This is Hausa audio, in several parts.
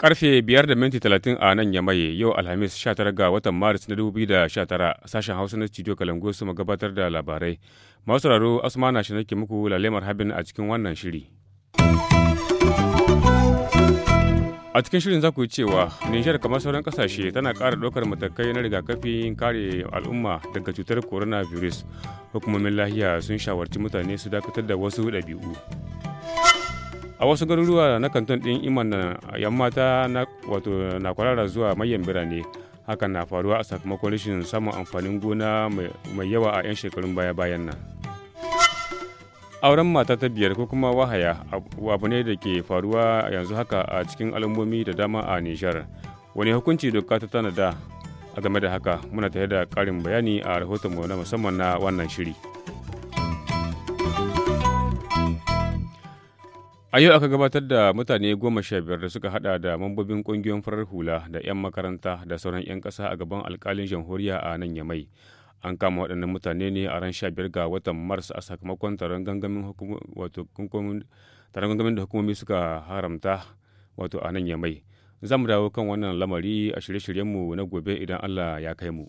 Karfe biyar da minti talatin a nan ya Yamaye yau Alhamis 19 ga watan Maris na da 2019 sashen Hausa na studio Kalangu su gabatar da labarai. Masu sauraro Asmana shi nake muku lalemar habin a cikin wannan shiri. a cikin shirin za yi cewa nijar kamar sauran kasashe tana kara ɗaukar matakai na rigakafin kare al'umma daga cutar coronavirus hukumomin lahiya sun shawarci mutane su dakatar da wasu ɗabi'u a wasu garuruwa na kanton ɗin iman yan mata na wato na kwarara zuwa mayan birane hakan na faruwa a sakamakon rashin samun amfanin gona mai yawa a 'yan shekarun baya-bayan nan auren mata ta biyar ko kuma wahaya abu ne da ke faruwa yanzu haka a cikin al'ummomi da dama a nijar wani hukunci doka ta tanada a game da haka muna tare da karin bayani a rahoton mu na musamman na wannan shiri a yau aka gabatar da mutane goma sha biyar da suka hada da mambobin kungiyoyin farar hula da 'yan makaranta da sauran 'yan kasa a gaban alkalin jamhuriya a nan yamai an kama waɗannan mutane ne a ran 15 ga watan mars a sakamakon taron gangamin da hukumomi suka haramta wato a nan yamai za mu dawo kan wannan lamari a shirye-shiryenmu na gobe idan allah ya kai mu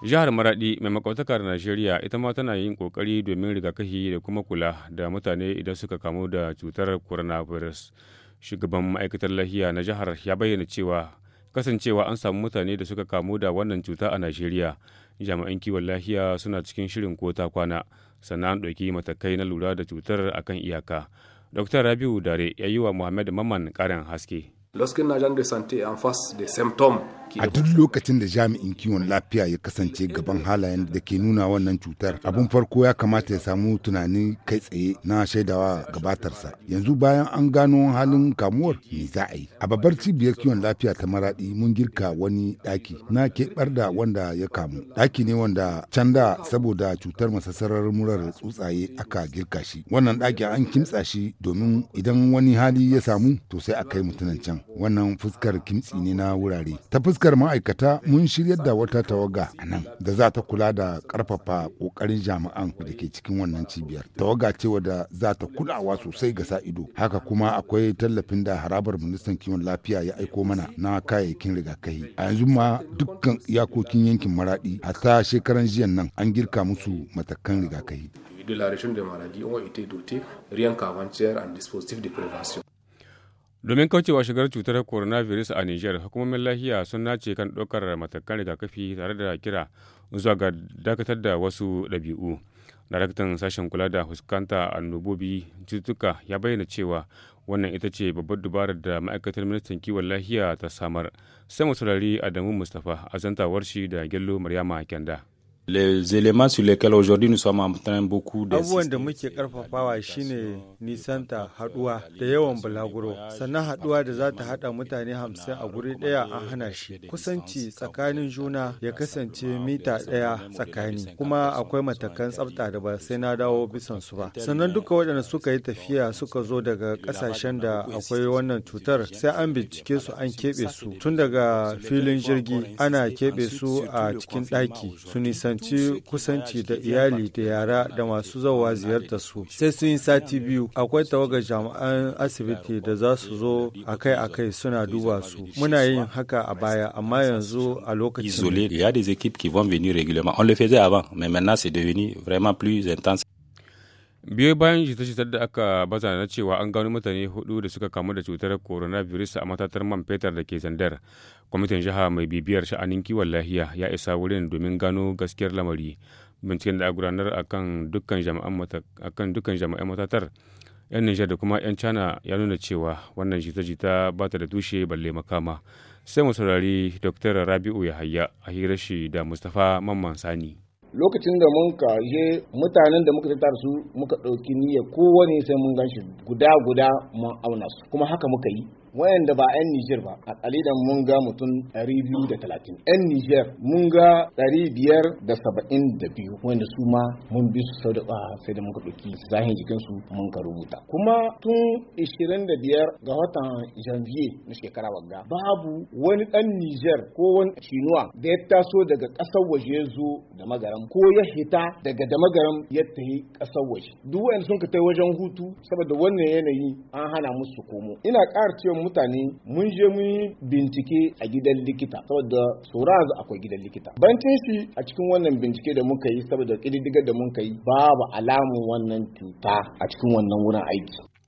jihar maradi mai makwautakar najeriya ita ma tana yin kokari domin rigakafi da kuma kula da mutane idan suka kamu da cutar coronavirus shugaban ma'aikatar lahiya na jihar ya bayyana cewa kasancewa an samu mutane da suka kamu da wannan cuta a najeriya jami'an kiwon lahiya suna cikin shirin ko ta kwana sannan an ɗauki matakai na lura da cutar akan iyaka dr rabiu dare ya yi wa muhammad maman ƙarin haske lorsqu'un agent de santé en face des symptômes a duk lokacin da jami'in kiwon lafiya ya kasance gaban halayen da ke nuna wannan cutar abun farko ya kamata ya samu tunanin kai tsaye na shaidawa gabatarsa yanzu bayan an gano halin kamuwar me za a yi a babbar cibiyar kiwon lafiya ta maradi mun girka wani daki na keɓar da wanda ya kamu daki ne wanda can da saboda cutar masasarar murar tsuntsaye aka girka shi wannan daki an kimtsa shi domin idan wani hali ya samu to sai a kai mutunan can wannan fuskar kimtsi ne na wurare ta fuskar ma'aikata mun shiryar da wata tawaga a nan da za ta kula da karfafa kokarin jami'an da ke cikin wannan cibiyar tawaga ce wadda za ta kulawa sosai ga sa ido haka kuma akwai tallafin da harabar ministan kiwon lafiya ya aiko mana na kayayyakin rigakafi a yanzu ma dukkan iyakokin yankin maradi hatta shekaran jiyan nan an girka musu matakan rigakafi de la région de maladie ont été dotés rien qu'avant-hier en dispositif de prévention. Domin kaucewa shigar cutar coronavirus a niger hukumomin lahiya sun nace kan ɗaukar matakan rigakafi tare da kira zuwa ga dakatar da wasu ɗabi'u. Daraktan sashen kula da huskanta annobobi cututtuka ya bayyana cewa wannan ita ce babbar dubarar da ma'aikatar ministan kiwon lahiya ta samar. Sai mu saurari Adamu Mustapha a zantawar shi da Gello Maryama Kenda. les éléments sur lesquels aujourd'hui nous sommes en train beaucoup de abubuwan da muke karfafawa shine nisanta haduwa da yawan bulaguro sannan haduwa da za ta hada mutane hamsin a guri daya an hana shi kusanci tsakanin juna ya kasance mita daya tsakani kuma akwai matakan tsafta da ba sai na dawo bisan su ba sannan duka waɗanda suka yi tafiya suka zo daga ƙasashen da akwai wannan cutar sai an bincike su an keɓe su tun daga filin jirgi ana keɓe su a cikin ɗaki su nisan il y a des équipes qui vont venir régulièrement on le faisait avant mais maintenant c'est devenu vraiment plus intense biyo bayan jita-jitar da aka baza na cewa an gano mutane hudu da suka kamu da cutar coronavirus a matatar man fetur da ke zandar kwamitin jiha mai bibiyar sha'anin kiwon lahiya ya isa wurin domin gano gaskiyar lamari binciken da a gudanar akan dukkan jama'an matatar yan nijar da kuma yan cana ya nuna cewa wannan jita-jita ba ta da tushe balle makama sai mu saurari dr rabi'u yahaya a hirar shi da mustapha mamman sani lokacin da mun je mutanen da muka tattara su muka ɗauki niyya kowane sai mun ganshi guda guda mun auna su kuma haka muka yi wayanda ba 'yan Nijar ba a kalilan mun ga mutum 230 'yan Nijar mun ga 572 wanda su ma mun bi su sau da ba sai da muka ɗauki zahin jikinsu mun ka rubuta kuma tun 25 ga watan janvier na shekara wagga babu wani ɗan Nijar ko wani Shinuwa da ya taso daga ƙasar waje ya zo da magaram ko ya hita daga da magaram ya tafi ƙasar waje duk wayanda sun ka wajen hutu saboda wannan yanayi an hana musu komo ina ƙara cewa mutane mun je mun yi bincike a gidan likita saboda tsoron akwai gidan likita bancin shi a cikin wannan bincike da muka yi saboda ƙididdigar da muka yi babu alamun wannan cuta a cikin wannan wurin aiki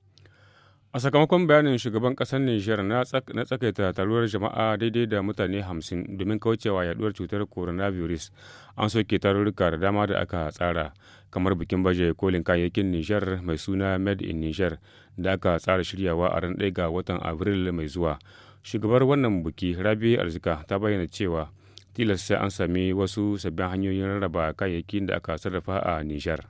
A sakamakon bayanin shugaban ƙasar Nijar na tsakaita taruwar jama'a daidai da mutane hamsin domin kaucewa yaduwar cutar coronavirus an soke tarurruka da dama da aka tsara kamar bikin baje kolin kayayyakin Nijar mai suna Made in Nijar da aka tsara shiryawa a ran ɗaya ga watan Abril mai zuwa. Shugabar wannan buki Rabi Arzika ta bayyana cewa tilasta an sami wasu sabbin hanyoyin rarraba kayayyakin da aka sarrafa a Nijar.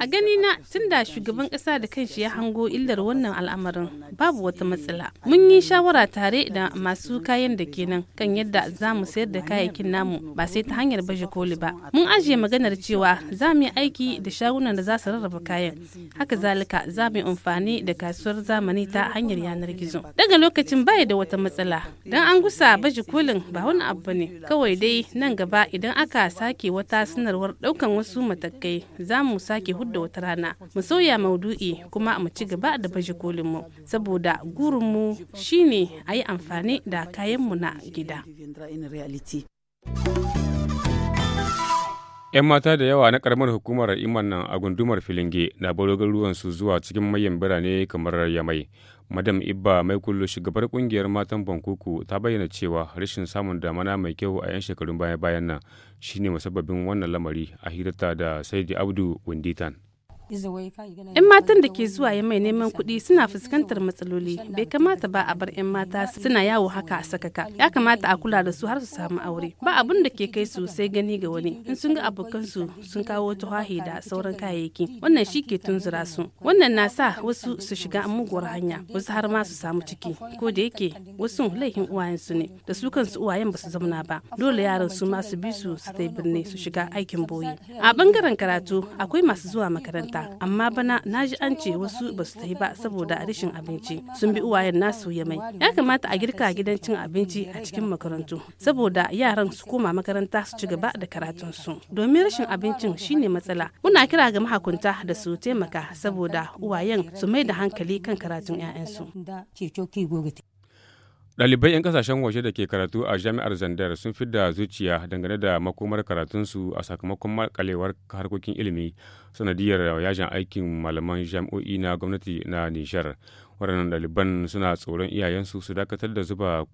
A gani na tunda shugaban kasa da kanshi ya hango illar wannan al'amarin babu wata matsala. Mun yi shawara tare da masu kayan da kenan kan yadda za mu sayar da kayayyakin namu ba sai ta hanyar baje koli ba. Mun ajiye maganar cewa za mu yi aiki da shagunan da za su rarraba kayan. Haka zalika za mu yi amfani da kasuwar zamani ta hanyar yanar gizo. Daga lokacin baya da wata matsala. Dan an gusa baje kolin ba wani abu ne. Kawai dai nan gaba idan aka sake wata sanarwar ɗaukan wasu matakai kai za mu sake hudda wata rana mu sauya maudu'i kuma mu ci gaba da baje kolinmu saboda gurinmu mu shine a yi amfani da kayanmu na gida 'yan mata da yawa na karamar hukumar iman nan a gundumar filinge na balogar ruwansu zuwa cikin mayan birane kamar yamai Madam Ibba mai kullu shugabar kungiyar matan Bankuku ta bayyana cewa rashin samun damana mai kyau a 'yan shekarun baya-bayan nan shine musabbabin wannan lamari a hirarta da Saidi Abdu Winditan. 'Yan matan da ke zuwa ya mai neman kuɗi suna fuskantar matsaloli bai kamata ba a bar 'yan mata suna yawo haka a sakaka ya kamata a kula da su har su samu aure ba abun da ke kai su sai gani ga wani in sun ga abokansu sun kawo tuhahi da sauran kayayyaki wannan shi ke tunzura su wannan na sa wasu su shiga muguwar hanya wasu har ma su samu ciki ko da yake wasu laifin uwayensu ne da su kansu uwayen ba su zauna ba dole yaran su ma su bi su su birni su shiga aikin boye a bangaren karatu akwai masu zuwa makaranta amma bana na ji an ce wasu ba su tafi ba saboda rashin abinci sun bi uwayen nasu ya mai ya kamata a girka gidan cin abinci a cikin makarantu saboda yaran su koma makaranta su ci gaba da karatun su domin rashin abincin shine matsala muna kira ga mahakunta da su taimaka saboda uwayen su mai da hankali kan karatun 'ya'yansu. Ɗalibai 'yan kasashen waje da ke karatu a jami'ar Zandar sun fi da zuciya dangane da makomar karatunsu a sakamakon makalewar harkokin ilimi sanadiyar yajin aikin malaman jami'o'i na gwamnati na Nijar. Waɗannan ɗaliban suna tsoron iyayensu su dakatar da zuba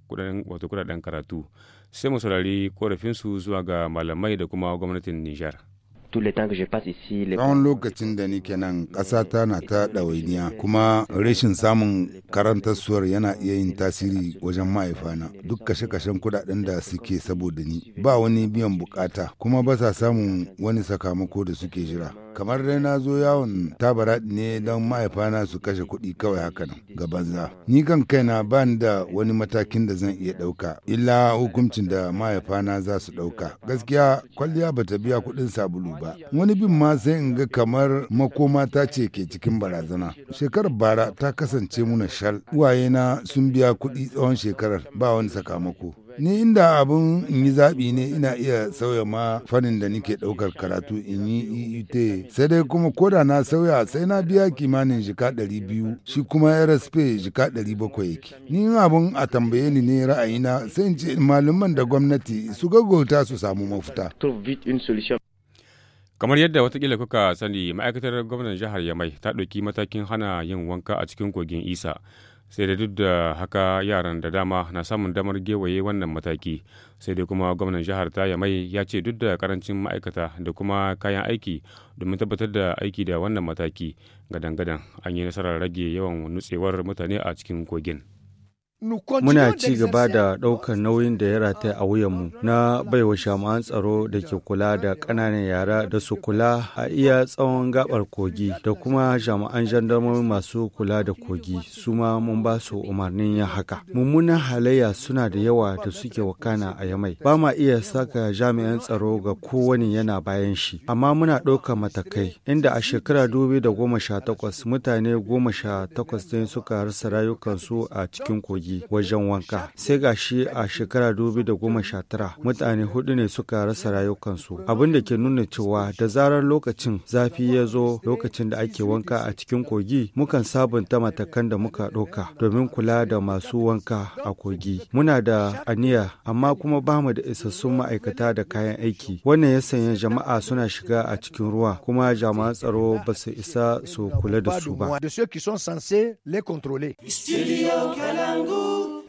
wato kuɗaɗen karatu. Sai mu saurari korafinsu zuwa ga malamai da kuma gwamnatin Nijar. tsawon lokacin da nike nan ƙasa ta na ta ɗawainiya kuma rashin samun karantarsuwar yana iya yin tasiri wajen ma'aifana duk kashe-kashen kudaden da suke saboda ni ba wani biyan bukata kuma ba sa samun wani sakamako da suke jira kamar dai na zo yawon tabara ne don mahaifana su kashe kuɗi kawai haka nan ga banza ni kan kaina ba da wani matakin da zan iya ɗauka illa hukuncin da mahaifana za su ɗauka gaskiya kwalliya ba ta biya kuɗin sabulu ba wani bin ma sai in ga kamar makoma ta ce ke cikin barazana shekarar bara ta kasance muna shal uwayena sun biya kuɗi tsawon shekarar ba wani sakamako Ni inda abun in yi zaɓi ne ina iya sauya ma fannin da nike ɗaukar karatu in yi EET. Sai dai kuma koda na sauya sai na biya kimanin jika 200 shi kuma RSP jika 700 bakwai yake. Ni abun a tambaye ni ne ra'ayina sai in ce malaman da gwamnati su gaggauta su samu mafita. kamar yadda watakila kuka sani ma'aikatar gwamnan jihar yamai ta ɗauki matakin hana yin wanka a cikin kogin isa sai da duk da haka yaran da dama na samun damar gewaye wannan mataki sai dai kuma gwamnan jihar ta mai ya ce duk da karancin ma'aikata da kuma kayan aiki domin tabbatar da aiki da wannan mataki gadan-gadan an yi nasarar rage yawan nutsewar mutane a cikin kogin. Muna ci gaba da ɗaukar nauyin da ya rata a wuyanmu na baiwa shama'an tsaro da ke kula da ƙananan yara da su kula a iya tsawon gabar kogi da kuma jami'an jandarmomi masu kula da kogi su ma mun ba su umarnin yin haka. Mummunan halayya suna da yawa da suke wakana a yamai. Ba ma iya saka jami'an tsaro ga kowane yana bayan shi. Amma muna ɗaukar matakai inda a shekara dubu da goma sha takwas mutane goma sha takwas ne suka rasa rayukansu a cikin kogi. jirgi wajen wanka sai gashi a shekara goma sha tara mutane hudu ne suka rasa rayukansu abin da ke nuna cewa da zarar lokacin zafi ya zo lokacin da ake wanka a cikin kogi mukan sabunta matakan da muka ɗauka domin kula da masu wanka a kogi muna da aniya amma kuma ba mu da isassun ma'aikata da kayan aiki wannan ya sanya jama'a suna shiga a cikin ruwa kuma jama'an tsaro ba su isa su kula da su ba. Studio Calango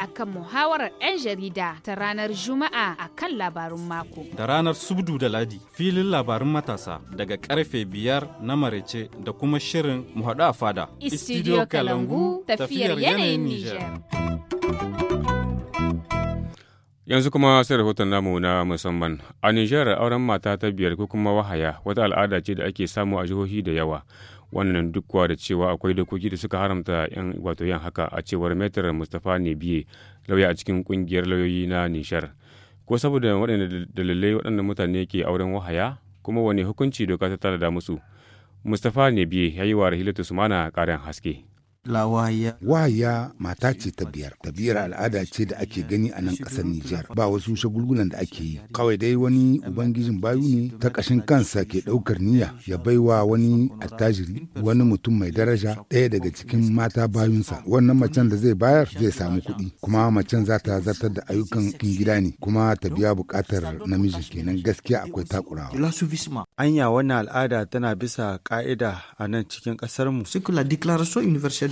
akan muhawarar 'yan jarida ta ranar Juma'a a kan labarun mako. Da ranar Subdu da Ladi filin labarun matasa daga karfe biyar na marece da kuma shirin muhaɗu a fada. Istidiyo Kalangu tafiyar yanayin Nijar. yanzu kuma sai rahoton namu na musamman a nijar auren mata ta biyar ko kuma wahaya wata al'ada ce da ake samu a jihohi da yawa wannan dukwa da cewa akwai dokoki da suka haramta yan wato yan haka a cewar metar mustapha nebiye lauya a cikin kungiyar lauyoyi na nishar ko saboda waɗanda dalilai waɗannan mutane ke auren wahaya kuma wani hukunci doka ta tara da musu mustapha nebiye ya yi wa rahilatu sumana ƙarin haske Wahaya mata ce ta biyar. Tabiyar al'ada ce da ake gani a nan ƙasar Nijar. Ba wasu shagulgulan da ake yi. Kawai dai wani ubangijin bayu ne ta ƙashin kansa ke ɗaukar niyya ya baiwa wani attajiri wani mutum mai daraja ɗaya daga cikin mata bayunsa. Wannan macen da zai bayar zai samu kuɗi. Kuma macen za ta zartar da ayyukan kin gida ne. Kuma ta biya buƙatar namiji kenan gaskiya akwai takurawa. Anya wannan al'ada tana bisa ƙa'ida a nan cikin ƙasarmu. Sikula Declaration Universal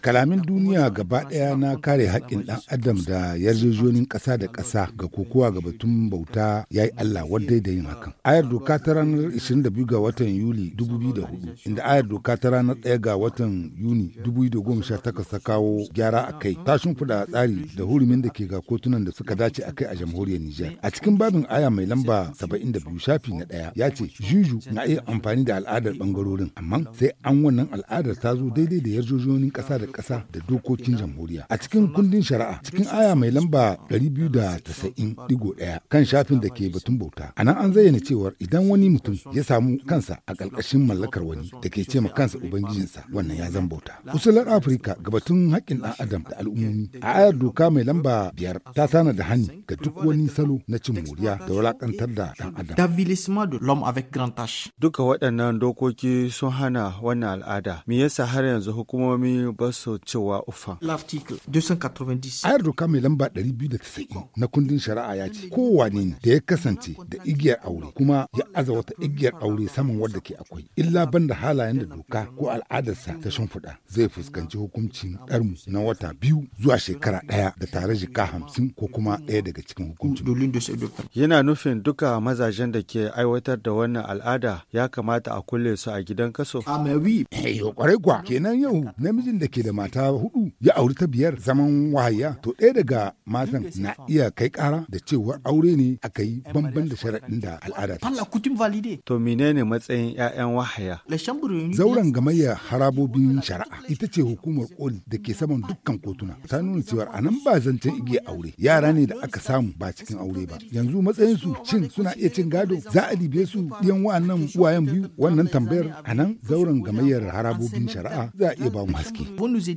Kalamin duniya gaba ɗaya na kare haƙƙin ɗan adam da yarjejonin ƙasa da ƙasa ga kokowa ga batun bauta ya yi Allah wadda da yin hakan. Ayar doka ta ranar 22 ga watan Yuli 2004 inda ayar doka ta ranar 1 ga watan Yuni 2018 ta kawo gyara a kai ta shimfiɗa tsari da hurumin da ke ga kotunan da suka dace a kai a jamhuriyar Nijar. A cikin babin aya mai lamba 72 shafi na ɗaya ya ce juju na iya amfani da al'adar ɓangarorin amma sai an wannan al'adar ta zo daidai da yarjejonin ma'aunin ƙasa da ƙasa da dokokin jamhuriya. A cikin kundin shari'a cikin aya mai lamba biyu da ɗaya. kan shafin da ke batun bauta. A nan an zayyana cewar idan wani mutum ya samu kansa a ƙarƙashin mallakar wani da ke ce ma kansa ubangijinsa wannan ya zan bauta. Usular Afirka ga batun haƙƙin ɗan adam da al'ummomi a ayar doka mai lamba biyar ta tana da hani ga duk wani salo na cin moriya da wulaƙantar da ɗan adam. Duka waɗannan dokoki sun hana wannan al'ada. Me yasa har yanzu hukumomi hukumomi ba su cewa ufa. Ayar doka mai lamba 290 na kundin shari'a ya ce kowane ne da ya kasance da igiyar aure kuma ya aza wata igiyar aure saman wadda ke akwai illa banda halayen da doka ko al'adarsa ta shimfiɗa zai fuskanci hukuncin ɗarmu na wata biyu zuwa shekara ɗaya da tare jika hamsin ko kuma ɗaya daga cikin hukuncin. Yana nufin duka mazajen da ke aiwatar da wannan al'ada ya kamata a kulle su a gidan kaso. Ah, eh, kwarai kwa kenan yau na namijin da ke da mata hudu ya auri ta biyar zaman wahaya to ɗaya daga matan na iya kai kara da cewa aure ne aka yi bamban da sharaɗin da al'ada to menene matsayin 'ya'yan wahaya zauren gamayyar harabobin shari'a ita ce hukumar koli da ke saman dukkan kotuna ta nuna cewa a nan ba zancen igiya aure yara ne da aka samu ba cikin aure ba yanzu matsayin su shin suna iya cin gado za a dibe su ɗiyan wa'annan uwayen biyu wannan tambayar a nan zauren gamayyar harabobin shari'a za a iya ba mu gaske wani zai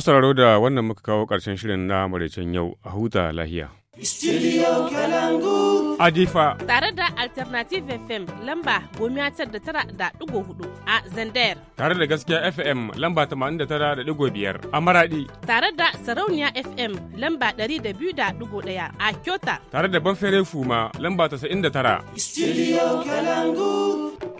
sauraro da wannan muka kawo ƙarshen shirin na maraicen yau a huta lahiya Studio Kalangu. Adifa. Tare da Alternative FM lamba gomiya tar da tara da ɗigo hudu a Zandayar. Tare da gaskiya FM lamba tamanin da tara da ɗigo biyar a Maradi. Tare da Sarauniya FM lamba ɗari da biyu da ɗigo ɗaya a Kyota. Tare da Banfere Fuma lamba tasa'in da tara. Studio Kalangu.